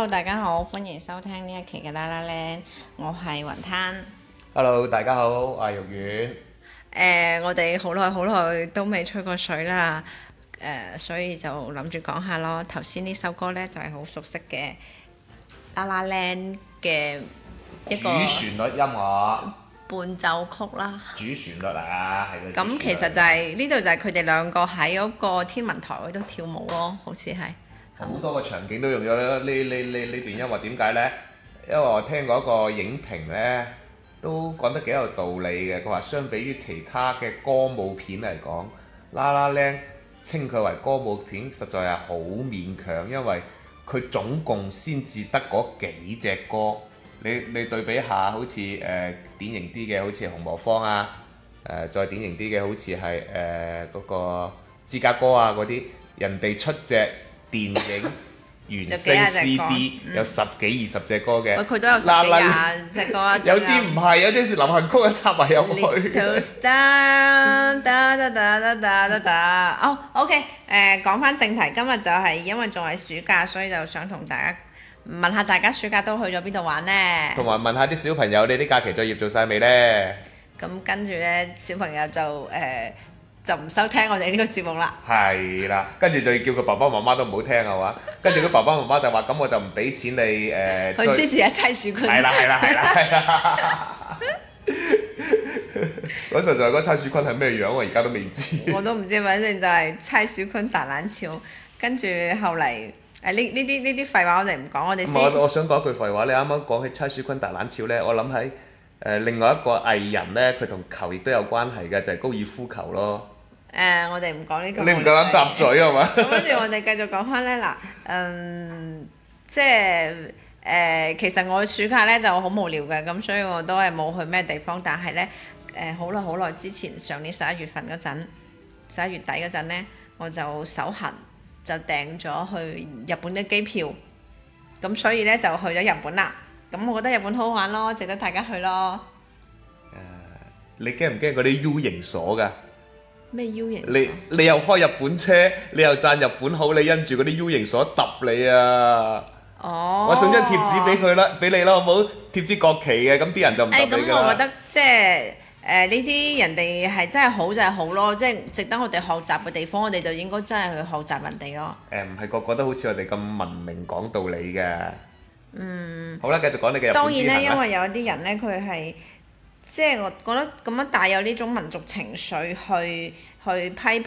hello，大家好，歡迎收聽呢一期嘅啦啦咧，我係云灘。hello，大家好，我係玉丸。誒、呃，我哋好耐好耐都未吹過水啦，誒、呃，所以就諗住講下咯。頭先呢首歌咧就係、是、好熟悉嘅啦啦咧嘅一個主旋律音樂，伴奏曲啦。主旋律嚟噶，係咁樣其實就係呢度就係佢哋兩個喺嗰個天文台嗰度跳舞咯，好似係。好多個場景都用咗呢呢呢呢段音樂，點解呢？因為我聽過個影評呢，都講得幾有道理嘅。佢話相比於其他嘅歌舞片嚟講，《 啦啦鈴》稱佢為歌舞片，實在係好勉強，因為佢總共先至得嗰幾隻歌。你你對比下，好似誒、呃、典型啲嘅，好似《紅磨坊》啊，誒、呃、再典型啲嘅，好似係誒嗰個、啊《芝加哥》啊嗰啲，人哋出隻。電影原聲 CD 有十幾二十隻歌嘅，佢都有十幾廿隻歌。有啲唔係，有啲是流行曲啊插埋入去。Little star，噠噠噠噠噠噠噠。哦，OK，誒，講返正題，今日就係因為仲係暑假，所以就想同大家問下大家暑假都去咗邊度玩呢？同埋問下啲小朋友，你啲假期作業做晒未呢？咁跟住呢，小朋友就誒。就唔收聽我哋呢個節目啦。係啦，跟住就要叫佢爸爸媽媽都唔好聽係嘛？跟住佢爸爸媽媽就話：咁我就唔俾錢你誒。佢、呃、支持阿蔡樹坤。係啦係啦係啦係啦。啦啦啦 我實在嗰蔡樹坤係咩樣，我而家都未知，我都知、就是啊我。我都唔知，反正就係蔡樹坤大膽超。跟住後嚟誒呢呢啲呢啲廢話，我哋唔講。我哋先。我想講一句廢話，你啱啱講起蔡樹坤大膽超咧，我諗喺。誒，另外一個藝人咧，佢同球亦都有關係嘅，就係、是、高爾夫球咯。誒、呃，我哋唔講呢個。你唔夠膽搭嘴係嘛？跟住、嗯、不 我哋繼續講翻咧嗱，嗯、呃，即係誒、呃，其實我嘅暑假咧就好無聊嘅，咁所以我都係冇去咩地方。但係咧，誒好耐好耐之前，上年十一月份嗰陣，十一月底嗰陣咧，我就手痕就訂咗去日本嘅機票，咁所以咧就去咗日本啦。咁我覺得日本好玩咯，值得大家去咯。誒，你驚唔驚嗰啲 U 型鎖㗎？咩 U 型？你你又開日本車，你又讚日本好，你因住嗰啲 U 型鎖揼你啊！哦，我送張貼紙俾佢啦，俾你啦，好唔好？貼紙國旗嘅，咁啲人就唔得嘅啦。誒，咁我覺得即係誒呢啲人哋係真係好就係好咯，即係值得我哋學習嘅地方，我哋就應該真係去學習人哋咯。誒，唔係個個都好似我哋咁文明講道理㗎。嗯，好啦，繼續講你嘅日本之行啦。當然咧，因為有啲人咧，佢係即係我覺得咁樣帶有呢種民族情緒去去批判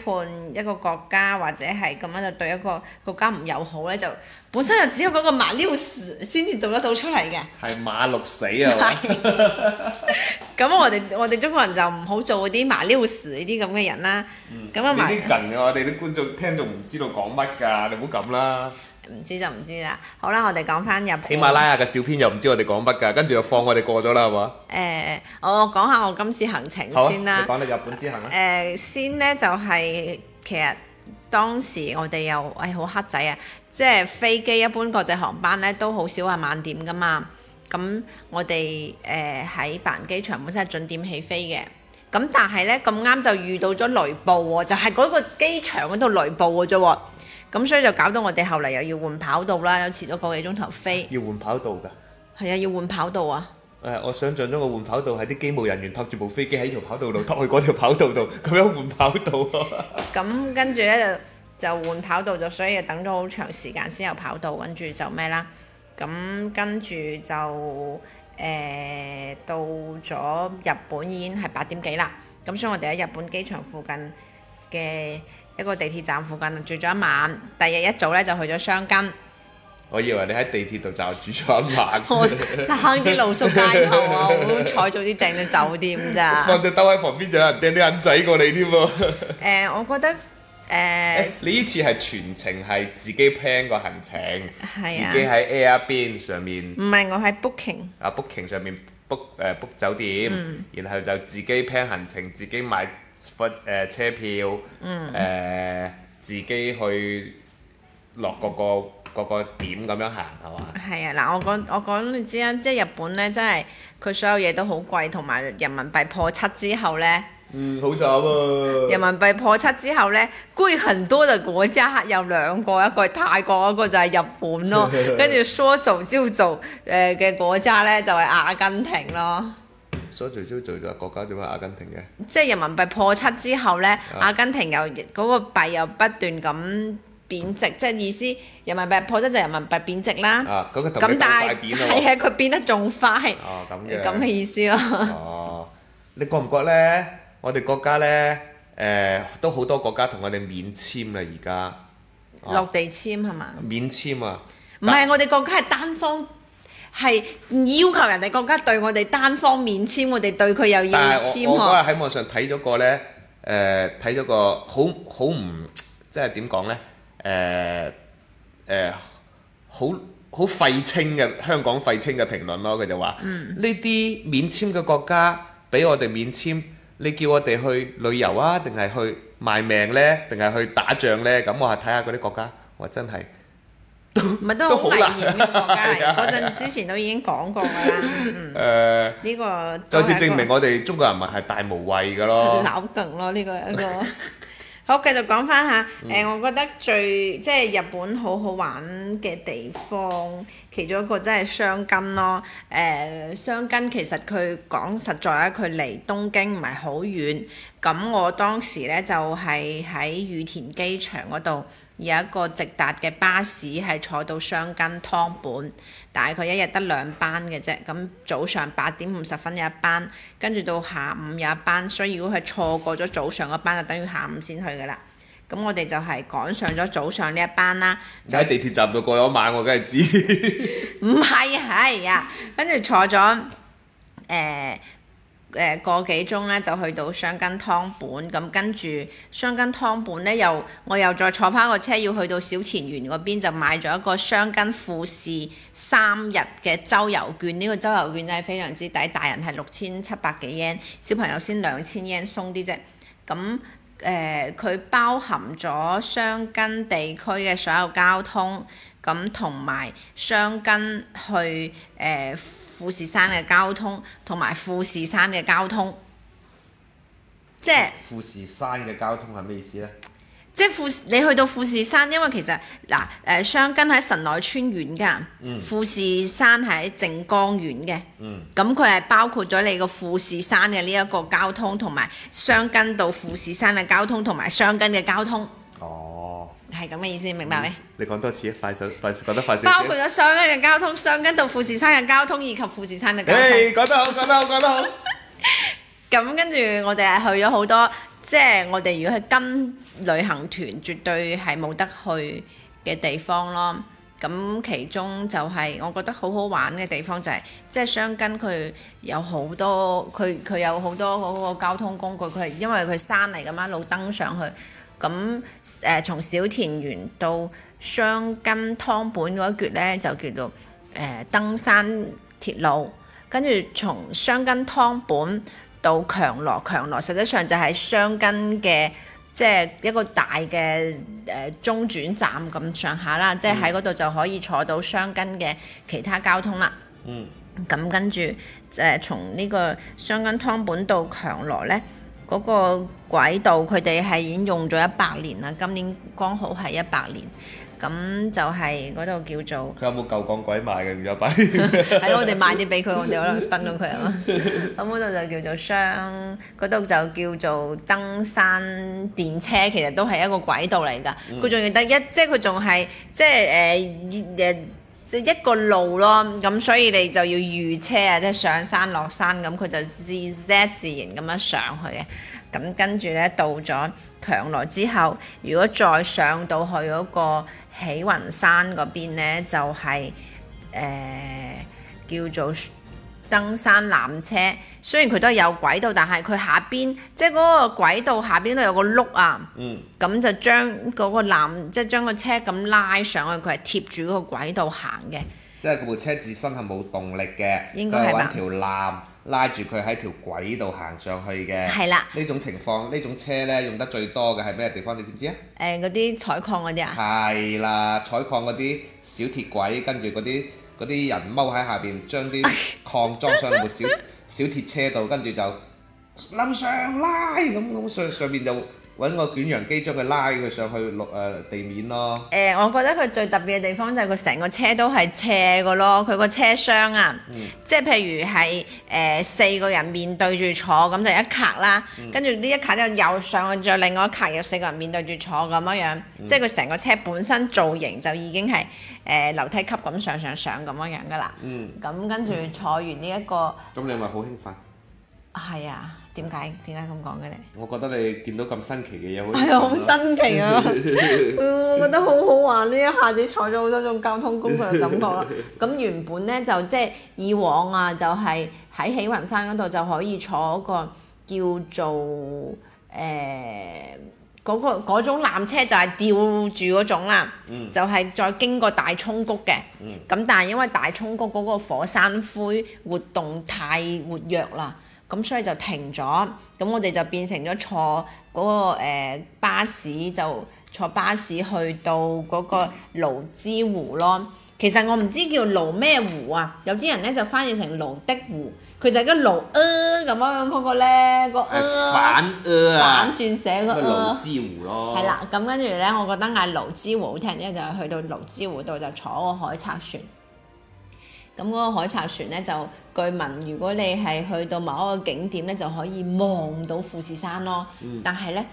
一個國家，或者係咁樣就對一個國家唔友好咧，就本身就只有嗰個馬料士先至做得到出嚟嘅。係馬六死啊！咁我哋我哋中國人就唔好做嗰啲馬料士呢啲咁嘅人啦。咁啊、嗯，啲近我哋啲觀眾聽仲唔知道講乜噶？你唔好咁啦。唔知就唔知啦。好啦，我哋講翻日本。喜馬拉雅嘅小編又唔知我哋講乜噶，跟住又放我哋過咗啦，係嘛？誒、呃，我講下我今次行程先啦。講到日本之行啦。誒、呃，先呢就係、是、其實當時我哋又誒好、哎、黑仔啊，即係飛機一般國際航班咧都好少話晚點噶嘛。咁我哋誒喺白雲機場本身係準點起飛嘅。咁但係呢，咁啱就遇到咗雷暴喎，就係、是、嗰個機場嗰度雷暴嘅啫喎。咁、嗯、所以就搞到我哋後嚟又要換跑道啦，又遲咗個幾鐘頭飛。要換跑道㗎？係啊，要換跑道啊！誒、哎，我想象中個換跑道係啲機務人員托住部飛機喺條跑道度，托去嗰條跑道度咁樣換跑道。咁、 嗯、跟住咧就就換跑道，就所以就等咗好長時間先有跑道，跟住就咩啦？咁、嗯、跟住就誒、呃、到咗日本已經係八點幾啦。咁、嗯、所以我哋喺日本機場附近嘅。一個地鐵站附近住咗一晚，第日一早咧就去咗雙金。我以為你喺地鐵度就住咗一晚，爭啲 露宿街頭、啊，好彩 早啲訂咗酒店咋？放隻兜喺旁邊就有人掟啲銀仔過你添噃。我覺得誒，呢、呃欸、次係全程係自己 plan 個行程，啊、自己喺 Airbnb 上面，唔係我喺 Booking，阿 Booking 上面 book 誒、uh, book 酒店，嗯、然後就自己 plan 行程，自己買。付誒車票，誒、嗯呃、自己去落個個個點咁樣行係嘛？係啊，嗱我講我講你知啊，即係日本咧，真係佢所有嘢都好貴，同埋人民幣破七之後咧，嗯，好慘啊！人民幣破七之後咧，貴很多嘅國家有兩個，一個泰國，一個就係日本咯。跟住 說走就走誒嘅國家咧，就係、是、阿根廷咯。所以最早做咗國家點啊？阿根廷嘅，即係人民幣破七之後咧，啊、阿根廷又嗰、嗰個幣又不斷咁貶值，啊、即係意思人民幣破七就人民幣貶值啦。啊，咁、那個、但係係啊，佢變得仲快。哦，咁嘅意思咯。哦，你覺唔覺咧？我哋國家咧，誒、呃、都好多國家同我哋免簽啦，而家、啊、落地簽係嘛？免簽啊！唔係但我哋國家係單方。係要求人哋國家對我哋單方面簽，我哋對佢又要簽喎、啊。但係我我嗰日喺網上睇咗個，呃，個呢，誒睇咗個好好唔即係點講呢？誒誒好好廢青嘅香港廢青嘅評論咯、啊，佢就話：呢啲免簽嘅國家俾我哋免簽，你叫我哋去旅遊啊？定係去賣命呢？定係去打仗呢？咁我係睇下嗰啲國家，我真係。唔係都好 危險嘅國家，嗰陣 的的之前都已經講過啦。誒，呢個就好似證明我哋中國人民係大無畏嘅咯。扭勁咯，呢個一個 好繼續講翻下。誒、嗯呃，我覺得最即係日本好好玩嘅地方，其中一個真係箱根咯。誒、呃，箱根其實佢講實在咧，佢離東京唔係好遠。咁我當時咧就係喺羽田機場嗰度。有一個直達嘅巴士係坐到箱根湯本，大概一日得兩班嘅啫。咁早上八點五十分有一班，跟住到下午有一班。所以如果佢錯過咗早上嗰班，就等於下午先去噶啦。咁我哋就係趕上咗早上呢一班啦。就喺地鐵站度過咗晚，我梗係知。唔 係啊，係啊，跟住坐咗誒。誒個幾鐘咧就去到箱根湯本，咁跟住箱根湯本咧又我又再坐翻個車要去到小田原嗰邊，就買咗一個箱根富士三日嘅周遊券。呢、這個周遊券咧非常之抵，大人係六千七百幾 yen，小朋友先兩千 yen，鬆啲啫。咁誒，佢、呃、包含咗箱根地區嘅所有交通。咁同埋箱根去誒、呃、富士山嘅交通，同埋富士山嘅交通，即係富士山嘅交通係咩意思咧？即係富，你去到富士山，因為其實嗱誒箱根喺神奈川縣噶，嗯、富士山喺靜岡縣嘅，咁佢係包括咗你個富士山嘅呢一個交通，同埋箱根到富士山嘅交通，同埋箱根嘅交通。哦。係咁嘅意思，明白未，嗯？你講多次啊！快手快，講得快手。快包括咗箱根嘅交通，箱根到富士山嘅交通，以及富士山嘅交通。誒、欸，講得好，講得好，講得好！咁跟住我哋係去咗好多，即、就、係、是、我哋如果去跟旅行團，絕對係冇得去嘅地方咯。咁其中就係我覺得好好玩嘅地方就係、是，即係箱根佢有好多，佢佢有多好多嗰個交通工具，佢係因為佢山嚟噶嘛，一路登上去。咁誒、呃、從小田原到箱根湯本嗰一橛咧就叫做誒、呃、登山鐵路，跟住從箱根湯本到強羅，強羅實際上就係箱根嘅即係一個大嘅誒、呃、中轉站咁上下啦，即係喺嗰度就可以坐到箱根嘅其他交通啦。嗯，咁跟住即係從呢個箱根湯本到強羅咧。嗰個軌道佢哋係已經用咗一百年啦，今年剛好係一百年，咁就係嗰度叫做有有。佢有冇舊鋼軌賣嘅？咁一百。係咯，我哋賣啲俾佢，我哋可能新咗佢啊嘛。咁嗰度就叫做雙，嗰度就叫做登山電車，其實都係一個軌道嚟㗎。佢仲要得一，即係佢仲係即係誒誒。呃呃就一個路咯，咁所以你就要預車啊，即係上山落山咁，佢就自然咁樣上去嘅。咁跟住咧到咗強羅之後，如果再上到去嗰個喜雲山嗰邊咧，就係誒叫做。登山纜車雖然佢都係有軌道，但係佢下邊即係嗰個軌道下邊都有個轆啊，咁、嗯、就將嗰個纜即係將個車咁拉上去，佢係貼住嗰個軌道行嘅。即係嗰部車自身係冇動力嘅，應該係，條纜拉住佢喺條軌道行上去嘅。係啦的，呢種情況呢種車咧用得最多嘅係咩地方？你知唔知啊？誒、欸，嗰啲採礦嗰啲啊。係啦，採礦嗰啲小鐵軌跟住嗰啲。嗰啲人踎喺下面，將啲礦裝上面小小鐵車度，跟住就拉上拉咁，咁上上面就。揾個捲揚機將佢拉佢上去陸誒、呃、地面咯。誒、欸，我覺得佢最特別嘅地方就係佢成個車都係斜嘅咯。佢個車廂啊，嗯、即係譬如係誒、呃、四個人面對住坐咁就一格啦，嗯、跟住呢一格之後又上再另外一格，又四個人面對住坐咁樣樣，嗯、即係佢成個車本身造型就已經係誒、呃、樓梯級咁上上上咁樣樣㗎啦。嗯，咁跟住坐完呢、這、一個，咁、嗯、你咪好興奮？係啊。點解點解咁講嘅咧？呢我覺得你見到咁新奇嘅嘢、哎，係啊，好新奇啊！ 我覺得好好玩，呢一下子坐咗好多種交通工具嘅感覺咯。咁 原本咧就即係以往啊，就係、是、喺喜雲山嗰度就可以坐個叫做誒嗰、呃，那個嗰種纜車，就係吊住嗰種啦。嗯、就係再經過大涌谷嘅。嗯，咁但係因為大涌谷嗰個火山灰活動太活躍啦。咁所以就停咗，咁我哋就變成咗坐嗰、那個、欸、巴士，就坐巴士去到嗰個盧之湖咯。其實我唔知叫盧咩湖啊，有啲人咧就翻譯成盧的湖，佢就係個盧呃咁樣嗰個咧個、呃。誒反呃反轉寫個、呃。盧之湖咯。係啦，咁跟住咧，我覺得嗌盧之湖好聽，因為就去到盧之湖度就坐個海賊船。咁嗰個海賊船咧，就據聞如果你係去到某一個景點咧，就可以望到富士山咯。嗯、但係咧，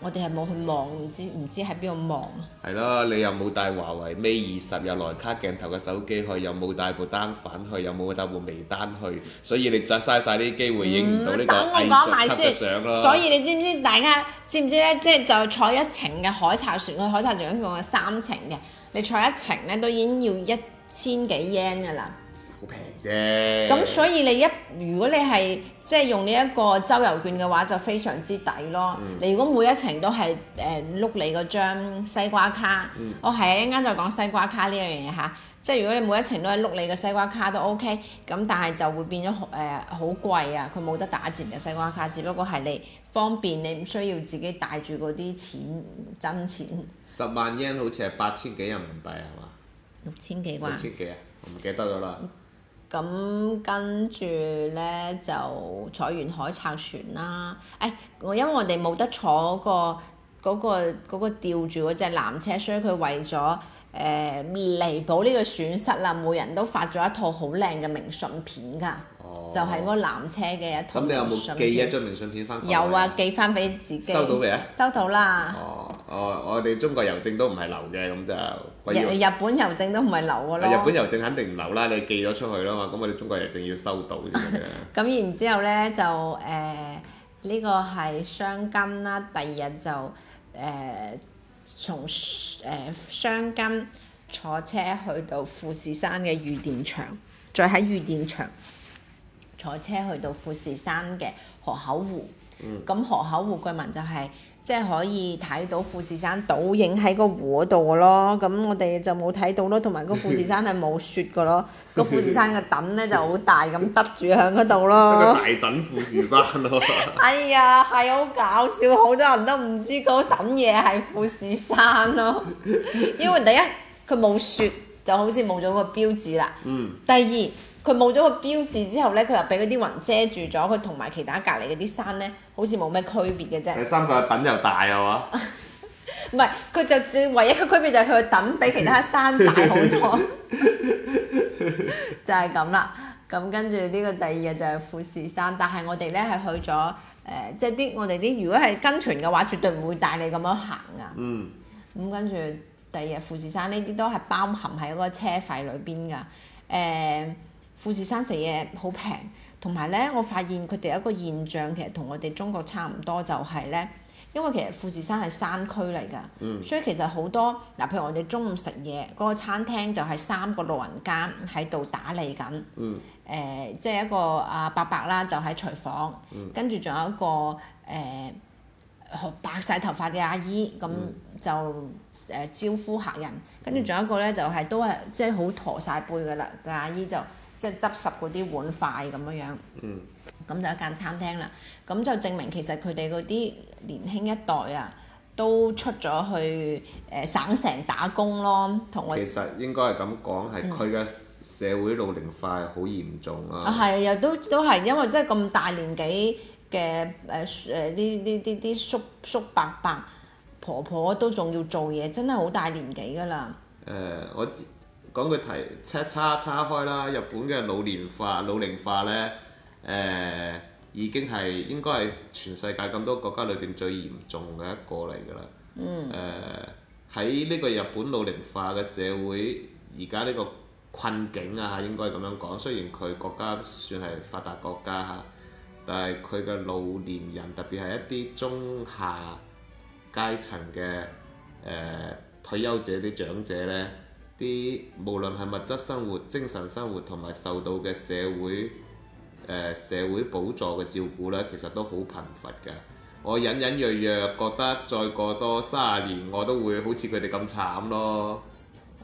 我哋係冇去望，唔知唔知喺邊度望啊？係咯，你又冇帶華為 Mate 二十日內卡鏡頭嘅手機去，又冇帶部單反去，又冇帶部，又冇帶部微單去，所以你嘥晒晒啲機會，影唔、嗯、到呢個。等我講埋先，所以你知唔知大家知唔知咧？即係就坐一程嘅海賊船，去海賊船一共有三程嘅，你坐一程咧都已經要一千幾 yen 嘅啦，好平啫。咁所以你一如果你係即係用呢一個周遊券嘅話，就非常之抵咯。嗯、你如果每一程都係誒碌你嗰張西瓜卡，我係一陣間再講西瓜卡呢樣嘢嚇。即係如果你每一程都係碌你嘅西瓜卡都 OK，咁但係就會變咗誒好貴啊！佢冇得打折嘅西瓜卡，只不過係你方便你唔需要自己帶住嗰啲錢真錢。十萬 yen 好似係八千幾人民幣係嘛？六千幾啩？千幾啊！我唔記得咗啦。咁、嗯、跟住咧就坐完海賊船啦。誒、哎，我因為我哋冇得坐嗰、那個嗰、那個那個吊住嗰隻纜車，所以佢為咗誒、呃、彌補呢個損失啦，每人都發咗一套好靚嘅明信片㗎。哦。就係嗰個纜車嘅一套、嗯、明信片。咁你有冇寄一張明信片翻、啊？有啊，寄翻俾自己。收到未啊？收到啦、哦哦。哦，我我哋中國郵政都唔係留嘅，咁就。日本郵政都唔係留嘅咯。日本郵政肯定唔留啦，你寄咗出去啦嘛。咁我哋中國郵政要收到嘅。咁 然之後咧就誒呢、呃這個係箱根啦，第二日就誒從誒箱根坐車去到富士山嘅御殿場，再喺御殿場坐車去到富士山嘅河口湖。嗯。咁河口湖居民就係、是。即係可以睇到富士山倒影喺個湖度咯，咁我哋就冇睇到咯，同埋個富士山係冇雪嘅咯，個 富士山嘅頂咧就好大咁得住喺嗰度咯。一個大頂富士山咯。哎呀，係好搞笑，好多人都唔知個頂嘢係富士山咯， 因為第一佢冇雪，就好似冇咗個標誌啦。嗯。第二。佢冇咗個標誌之後咧，佢又俾嗰啲雲遮住咗。佢同埋其他隔籬嗰啲山咧，好似冇咩區別嘅啫。第三個等又大係、啊、嘛？唔係， 佢就算唯一個區別就係佢等比其他山大好多， 就係咁啦。咁跟住呢個第二日就係富士山，但係我哋咧係去咗誒，即係啲我哋啲如果係跟團嘅話，絕對唔會帶你咁樣行啊。嗯。咁跟住第二日富士山呢啲都係包含喺個車費裏邊噶誒。呃富士山食嘢好平，同埋咧，我發現佢哋一個現象，其實同我哋中國差唔多，就係咧，因為其實富士山係山區嚟㗎，嗯、所以其實好多嗱，譬如我哋中午食嘢嗰個餐廳就係三個老人家喺度打理緊，誒、嗯呃，即係一個阿伯伯啦，就喺廚房，跟住仲有一個誒、呃、白晒頭髮嘅阿姨，咁就誒招呼客人，跟住仲有一個咧就係、是、都係即係好陀晒背㗎啦，個阿姨就。即係執拾嗰啲碗筷咁樣樣，咁就、嗯、一間餐廳啦。咁就證明其實佢哋嗰啲年輕一代啊，都出咗去誒省城打工咯，同我。其實應該係咁講，係佢嘅社會老齡化好嚴重咯、啊嗯。啊，係又都都係因為即係咁大年紀嘅誒誒呢呢啲叔叔伯伯婆婆都仲要做嘢，真係好大年紀㗎啦。誒、呃，我講佢提叉叉叉開啦！日本嘅老年化、老齡化呢，呃、已經係應該係全世界咁多國家裏邊最嚴重嘅一個嚟㗎啦。喺呢、嗯呃、個日本老齡化嘅社會，而家呢個困境啊嚇，應該咁樣講。雖然佢國家算係發達國家嚇，但係佢嘅老年人，特別係一啲中下階層嘅、呃、退休者、啲長者呢。啲無論係物質生活、精神生活同埋受到嘅社會、呃、社會補助嘅照顧呢，其實都好貧乏嘅。我隱隱約約，約覺得，再過多三十年，我都會好似佢哋咁慘咯。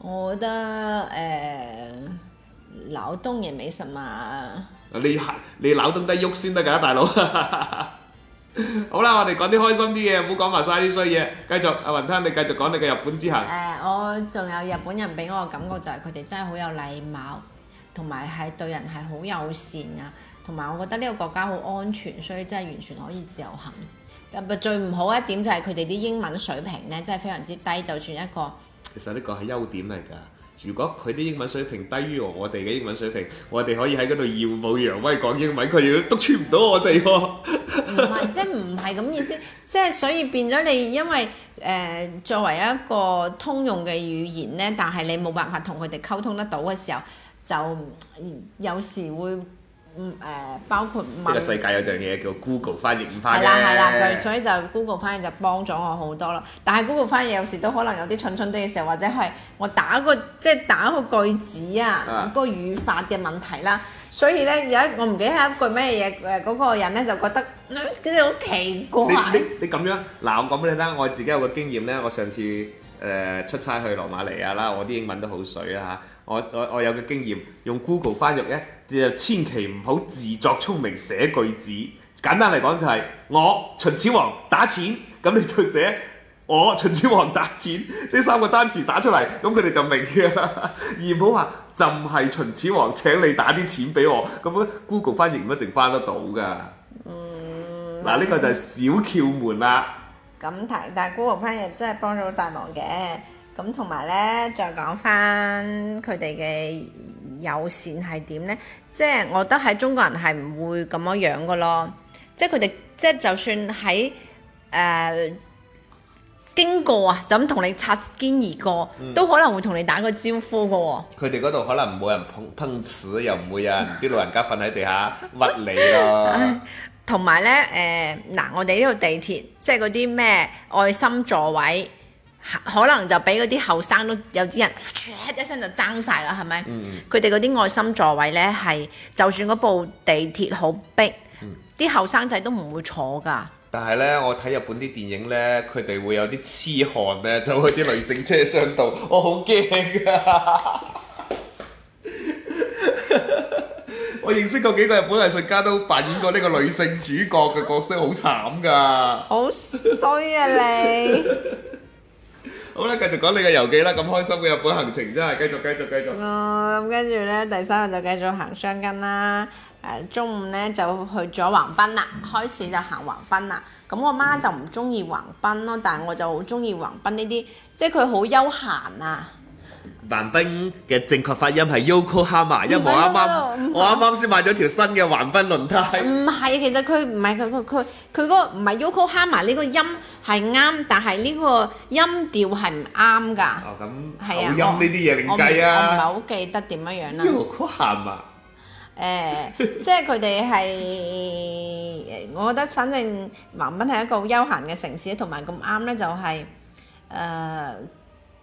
我覺得誒，勞動冇乜嘢嘛，你係你勞動得喐先得㗎，大佬。 好啦，我哋講啲開心啲嘢，唔好講埋晒啲衰嘢。繼續，阿雲吞，你繼續講你嘅日本之行。誒、呃，我仲有日本人俾我嘅感覺就係佢哋真係好有禮貌，同埋係對人係好友善啊。同埋我覺得呢個國家好安全，所以真係完全可以自由行。但係最唔好一點就係佢哋啲英文水平呢真係非常之低。就算一個，其實呢個係優點嚟㗎。如果佢啲英文水平低於我哋嘅英文水平，我哋可以喺嗰度耀武揚威講英文，佢要都穿唔到我哋喎、啊。 唔係， 即係唔係咁意思，即係所以變咗你，因為誒、呃、作為一個通用嘅語言咧，但係你冇辦法同佢哋溝通得到嘅時候，就有時會誒、呃、包括。唔係，個世界有樣嘢叫 Google 翻譯，唔翻咧，係啦，係啦，就所以就 Google 翻譯就幫咗我好多咯。但係 Google 翻譯有時都可能有啲蠢蠢哋嘅時候，或者係我打個即係打個句子啊，個、啊、語法嘅問題啦。所以咧，有一我唔記得一句咩嘢誒，嗰個人咧就覺得你哋好奇怪。你你咁樣嗱，我講俾你聽，我自己有個經驗咧。我上次誒出差去羅馬尼亞啦，我啲英文都好水啦嚇。我我我有個經驗，用 Google 翻譯咧，就千祈唔好自作聰明寫句子。簡單嚟講就係，我秦始皇打錢，咁你就寫。我、哦、秦始皇打錢，呢三個單詞打出嚟，咁佢哋就明嘅啦。而唔好話，朕係秦始皇請你打啲錢俾我，咁 Google 翻譯唔一定翻得到噶、嗯。嗯，嗱呢個就係小竅門啦。咁、嗯嗯嗯嗯、但係 Google 翻譯真係幫咗好大忙嘅。咁同埋咧，再講翻佢哋嘅友善係點咧？即、就、係、是、我覺得喺中國人係唔會咁樣樣嘅咯。即係佢哋，即係就算喺誒。呃經過啊，就咁同你擦肩而過，嗯、都可能會同你打個招呼噶喎、哦。佢哋嗰度可能冇人碰碰瓷，又唔會有人啲 老人家瞓喺地下屈你咯。同埋、哎、呢，誒、呃、嗱，我哋呢度地鐵即係嗰啲咩愛心座位，可能就俾嗰啲後生都有啲人一聲就爭晒啦，係咪？佢哋嗰啲愛心座位呢，係就算嗰部地鐵好逼，啲後生仔都唔會坐噶。但係咧，我睇日本啲電影咧，佢哋會有啲痴漢啊，走去啲女性車廂度，我好驚㗎！ 我認識過幾個日本藝術家都扮演過呢個女性主角嘅角色，好慘噶！好衰啊你！ 好啦，繼續講你嘅遊記啦，咁開心嘅日本行程真係，繼續繼續繼續啊！咁跟住咧，第三日就繼續行雙筋啦。中午咧就去咗橫濱啦，開始就行橫濱啦。咁我媽就唔中意橫濱咯，但係我就好中意橫濱呢啲，即係佢好悠閒啊。橫濱嘅正確發音係 Yokohama、ok 啊啊啊啊、一模啱啱。我啱啱先買咗條新嘅橫濱輪胎。唔係、嗯，其實佢唔係佢佢佢佢嗰個唔係 Yokohama、ok、呢個音係啱，但係呢個音調係唔啱㗎。哦，咁口音呢啲嘢另計啊？我唔係好記得點樣樣啦。Yokohama 誒、 呃，即係佢哋係，我覺得反正孟濤係一個好悠閒嘅城市，同埋咁啱咧就係、是，誒、呃、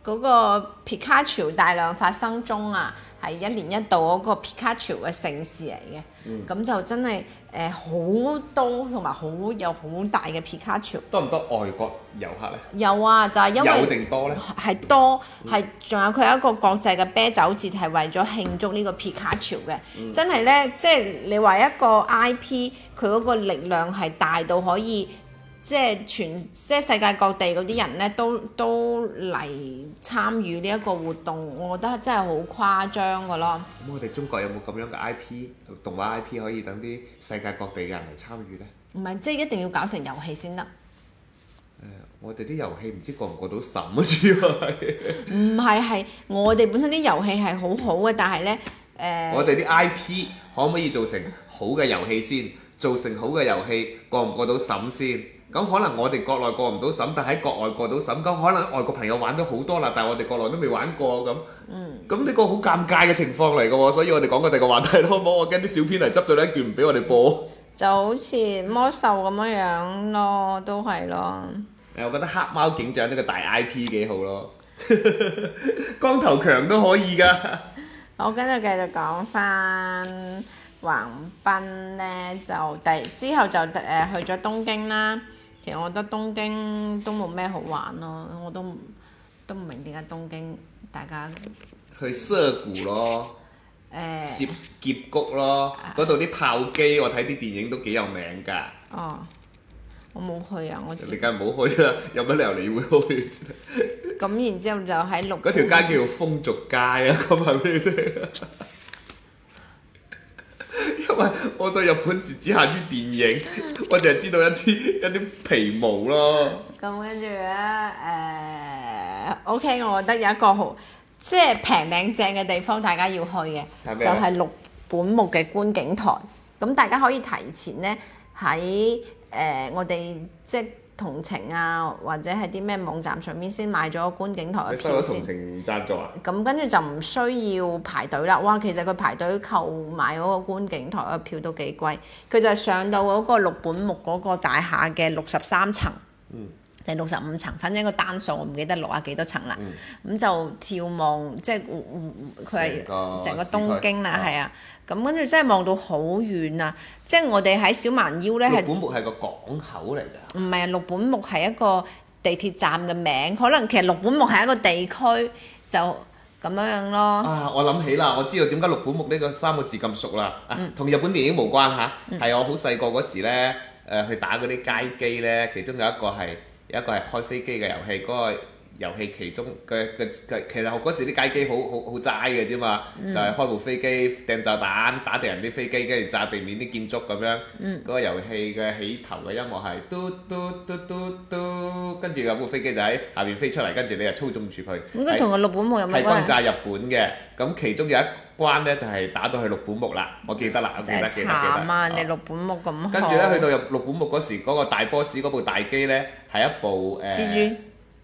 嗰、那個 Picacho 大量發生中啊，係一年一度嗰個 Picacho 嘅盛事嚟嘅，咁、嗯、就真係。誒，好多同埋好有好大嘅皮卡丘多唔多外國遊客咧？有啊，就係、是、因為有定多咧？係多，係仲、嗯、有佢一個國際嘅啤酒節係為咗慶祝個、嗯、呢個皮卡丘嘅。真係咧，即係你話一個 IP 佢嗰個力量係大到可以。即係全即係世界各地嗰啲人咧，都都嚟參與呢一個活動，我覺得真係好誇張噶咯。咁我哋中國有冇咁樣嘅 IP 動畫 IP 可以等啲世界各地嘅人嚟參與呢？唔係，即係一定要搞成遊戲先得，呃。我哋啲遊戲唔知過唔過到審啊？主要係唔係？係，我哋本身啲遊戲係好好嘅，但係呢，呃、我哋啲 IP 可唔可以做成好嘅遊戲先？做成好嘅遊戲過唔過到審先啊？ 咁可能我哋國內過唔到審，但喺國外過到審。咁可能外國朋友玩咗好多啦，但係我哋國內都未玩過咁。嗯。咁呢個好尷尬嘅情況嚟嘅喎，所以我哋講過個第二個話題咯，唔好我驚啲小編嚟執咗呢一段唔俾我哋播。就好似魔獸咁樣樣咯，都係咯。誒，我覺得黑貓警長呢個大 IP 幾好咯， 光頭強都可以㗎。我跟住繼續講翻橫濱咧，就第之後就誒、呃、去咗東京啦。其實我覺得東京都冇咩好玩咯，我都都唔明點解東京大家去澀谷咯，澀澀谷咯，嗰度啲炮機我睇啲電影都幾有名㗎。哦，我冇去啊，我你梗係冇去啦、啊，有乜理由你會去咁 然之後就喺六嗰條街叫做風俗街啊，咁係咩啫？ 喂， 我對日本只只限於電影，我淨係知道一啲一啲皮毛咯。咁跟住咧，誒、呃、OK，我覺得有一個好，即係平靚正嘅地方，大家要去嘅，就係六本木嘅觀景台。咁大家可以提前咧喺誒我哋即。同程啊，或者喺啲咩網站上面先買咗觀景台嘅票。收咗同程贊助啊！咁跟住就唔需要排隊啦。哇，其實佢排隊購買嗰個觀景台嘅票都幾貴，佢就係上到嗰個六本木嗰個大廈嘅六十三層。嗯。第六十五層，反正個單數我唔記得六啊幾多層啦。咁就眺望，即係佢係成個東京啦，係、yeah. 啊、uh,。咁跟住真係望到好遠啊！即係我哋喺小蠻腰咧，哎、六本木係個港口嚟㗎。唔係啊，六本木係一個地鐵站嘅名，可能其實六本木係一個地區，就咁樣樣咯。啊！我諗起啦，我知道點解六本木呢個三個字咁熟啦。同日本電影無關嚇，係我好細個嗰時咧，誒去打嗰啲街機咧，其中有一個係。一個係開飛機嘅遊戲，嗰個。遊戲其中嘅嘅嘅，其實嗰時啲街機好好好齋嘅啫嘛，嗯、就係開部飛機掟炸彈，打敵人啲飛機，跟住炸地面啲建築咁樣。嗯，嗰個遊戲嘅起頭嘅音樂係嘟嘟嘟嘟嘟，跟住有部飛機就喺下邊飛出嚟，跟住你又操縱住佢。應該同個六本木有咩關係？係轟炸日本嘅。咁其中有一關咧，就係、是、打到去六本木啦，我記得啦，我記得、啊、記得記得。真係你六本木咁。跟住咧，去到六本木嗰時，嗰、嗰個大 boss 嗰部大機咧，係一部誒。呃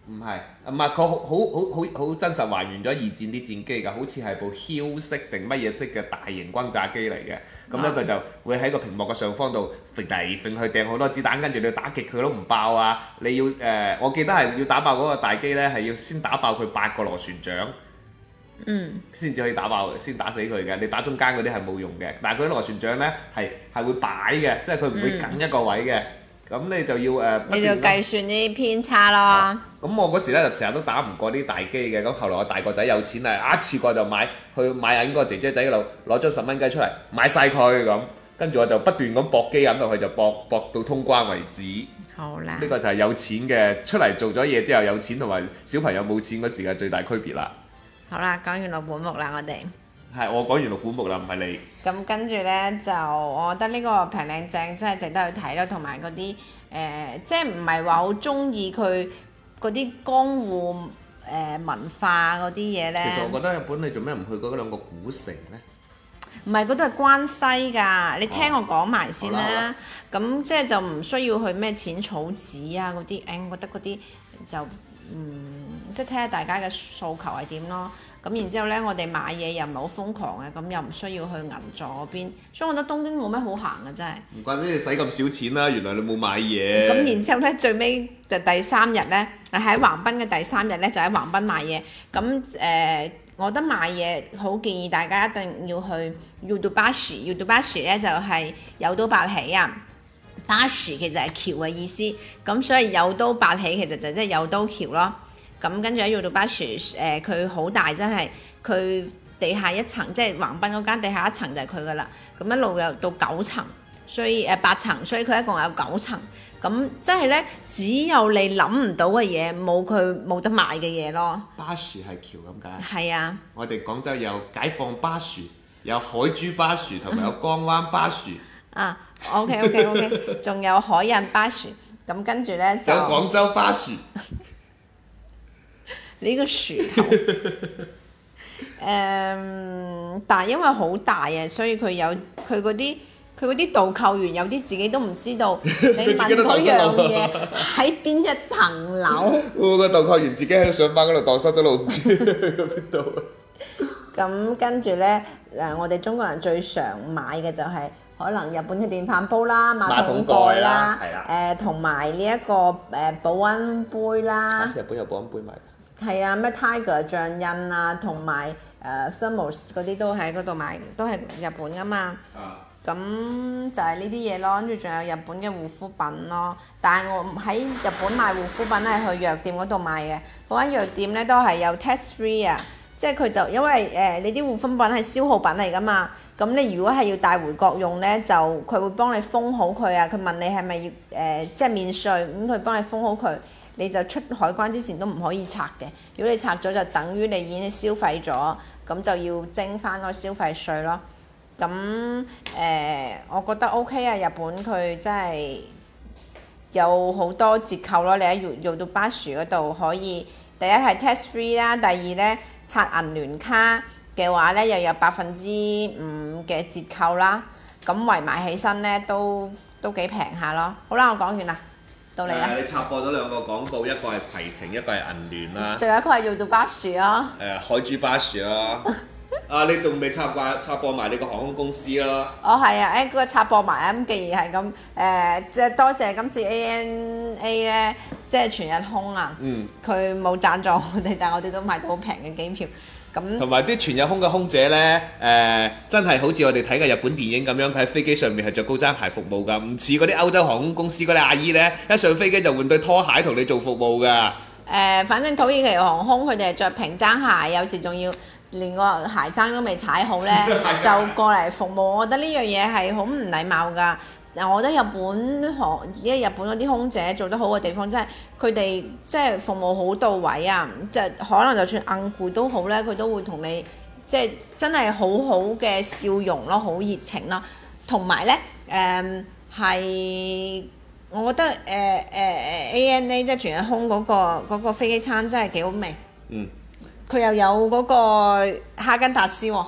唔係，唔係，佢、啊、好好好好，好真實還原咗二戰啲戰機㗎，好似係部轎式定乜嘢式嘅大型轟炸機嚟嘅。咁咧佢就會喺個屏幕嘅上方度揈嚟揈去掟好多子彈，跟住你要打極佢都唔爆啊！你要誒、呃，我記得係要打爆嗰個大機呢，係要先打爆佢八個螺旋槳，嗯，先至可以打爆，先打死佢嘅。你打中間嗰啲係冇用嘅，但係嗰啲螺旋槳呢係係會擺嘅，即係佢唔會緊一個位嘅。咁、嗯、你就要誒，呃、你就計算呢啲偏差咯，咯。啊咁我嗰時咧就成日都打唔過啲大機嘅，咁後來我大個仔有錢啦，一、啊、次過就買去買銀嗰個姐姐仔嗰度攞咗十蚊雞出嚟買晒佢咁，跟住我就不斷咁博機銀落去，就博博到通關為止。好啦，呢個就係有錢嘅出嚟做咗嘢之後有錢同埋小朋友冇錢嗰時嘅最大區別啦。好啦，講完六本木啦，我哋係我講完六本木啦，唔係你。咁跟住呢，就我覺得呢個平靚正真係值得去睇咯，同埋嗰啲誒即係唔係話好中意佢。嗰啲江戶誒、呃、文化嗰啲嘢咧，其實我覺得日本你做咩唔去嗰兩個古城咧？唔係，嗰都係關西㗎。你聽我講埋、哦、先啦吧。咁即係就唔需要去咩淺草寺啊嗰啲。誒，我覺得嗰啲就唔、嗯、即係睇下大家嘅訴求係點咯。咁然之後咧，我哋買嘢又唔係好瘋狂嘅，咁又唔需要去銀座嗰邊，所以我覺得東京冇乜好行呀真係。唔怪得你使咁少錢啦、啊，原來你冇買嘢。咁然之後咧，最尾就第三日咧，喺橫濱嘅第三日咧，就喺、是、橫濱買嘢。咁誒、呃，我覺得買嘢好建議大家一定要去 Yodobashi，Yodobashi 咧就係有刀八起啊。Bashi 其實係橋嘅意思，咁所以有刀八起其實就即係有刀橋咯。咁、嗯、跟住喺越秀巴士，佢、呃、好大真係，佢地下一層，即係橫濱嗰間地下一層就係佢噶啦。咁、嗯、一路又到九層，所以誒、呃、八層，所以佢一共有九層。咁即係咧，只有你諗唔到嘅嘢，冇佢冇得賣嘅嘢咯。巴士係橋咁解？係啊！我哋廣州有解放巴士，有海珠巴士，同埋有江灣巴士。 啊，OK OK OK，仲有海印巴士。咁、嗯、跟住咧就有廣州巴士。 呢個薯頭誒， um, 但係因為好大啊，所以佢有佢嗰啲佢嗰啲導購員，有啲自己都唔知道你問一樣嘢喺邊一層樓。個、 哦、導購員自己喺上班嗰度盪失咗路，唔知去咗邊度、啊。咁 跟住咧誒，我哋中國人最常買嘅就係、是、可能日本嘅電飯煲啦、馬桶蓋啦、誒同埋呢一個誒保溫杯啦、啊。日本有保溫杯賣。係啊，咩 Tiger 象印啊，同埋誒 Samos 嗰啲都喺嗰度買，都係日本噶嘛。咁、uh huh。嗯、就係呢啲嘢咯，跟住仲有日本嘅護膚品咯。但係我喺日本買護膚品係去藥店嗰度買嘅，嗰間藥店咧都係有 test free 啊，即係佢就因為誒、呃、你啲護膚品係消耗品嚟噶嘛，咁你如果係要帶回國用咧，就佢會幫你封好佢啊。佢問你係咪要誒、呃、即係免稅，咁、嗯、佢幫你封好佢。你就出海關之前都唔可以拆嘅，如果你拆咗就等於你已經消費咗，咁就要徵翻嗰消費稅咯。咁誒、呃，我覺得 OK 啊，日本佢真係有好多折扣咯。你喺用用到巴士嗰度可以，第一係 tax free 啦，第二咧刷銀聯卡嘅話咧又有百分之五嘅折扣啦。咁圍埋起身咧都都幾平下咯。好啦，我講完啦。係你，啊、你插播咗兩個廣告，一個係攜程，一個係銀聯啦。仲、嗯、有一個係用到巴士啊，誒海珠巴士咯。啊，你仲未插掛插播埋你個航空公司咯啊？哦，係啊，誒、那、嗰個插播埋 M 記。既然係咁，誒、呃、即係多謝今次 ANA 咧，即係全日空啊。嗯。佢冇贊助我哋，但係我哋都買到好平嘅機票。同埋啲全日空嘅空姐呢，誒、呃、真係好似我哋睇嘅日本電影咁樣，喺飛機上面係着高踭鞋服務噶，唔似嗰啲歐洲航空公司嗰啲阿姨呢，一上飛機就換對拖鞋同你做服務噶、呃。反正土耳其航空佢哋係着平踭鞋，有時仲要連個鞋踭都未踩好呢， 就過嚟服務，我覺得呢樣嘢係好唔禮貌噶。嗱，我覺得日本空，因為日本嗰啲空姐做得好嘅地方，即係佢哋即係服務好到位啊！就可能就算硬攰都好咧，佢都會同你即係、就是、真係好好嘅笑容咯，好熱情咯。同埋咧，誒、嗯、係，我覺得誒誒、呃呃、ANA 即係全日空嗰、那個嗰、那個飛機餐真係幾好味。嗯，佢又有嗰個哈根達斯喎。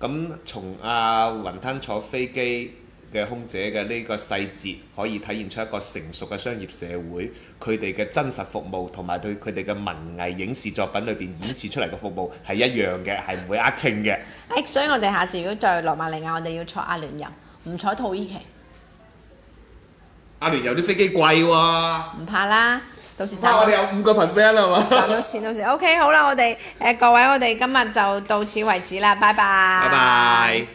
咁、嗯、從啊雲吞坐飛機。嘅空姐嘅呢個細節可以體現出一個成熟嘅商業社會，佢哋嘅真實服務同埋對佢哋嘅文藝影視作品裏邊演示出嚟嘅服務係一樣嘅，係唔會呃稱嘅。誒，所以我哋下次如果再去羅馬尼亞，我哋要坐阿聯酋，唔坐土耳其。阿聯酋啲飛機貴喎。唔怕啦，到時賺。但係我哋有五個 percent 啦嘛。賺到錢到時。OK，好啦，我哋誒各位，我哋今日就到此為止啦，拜拜。拜拜。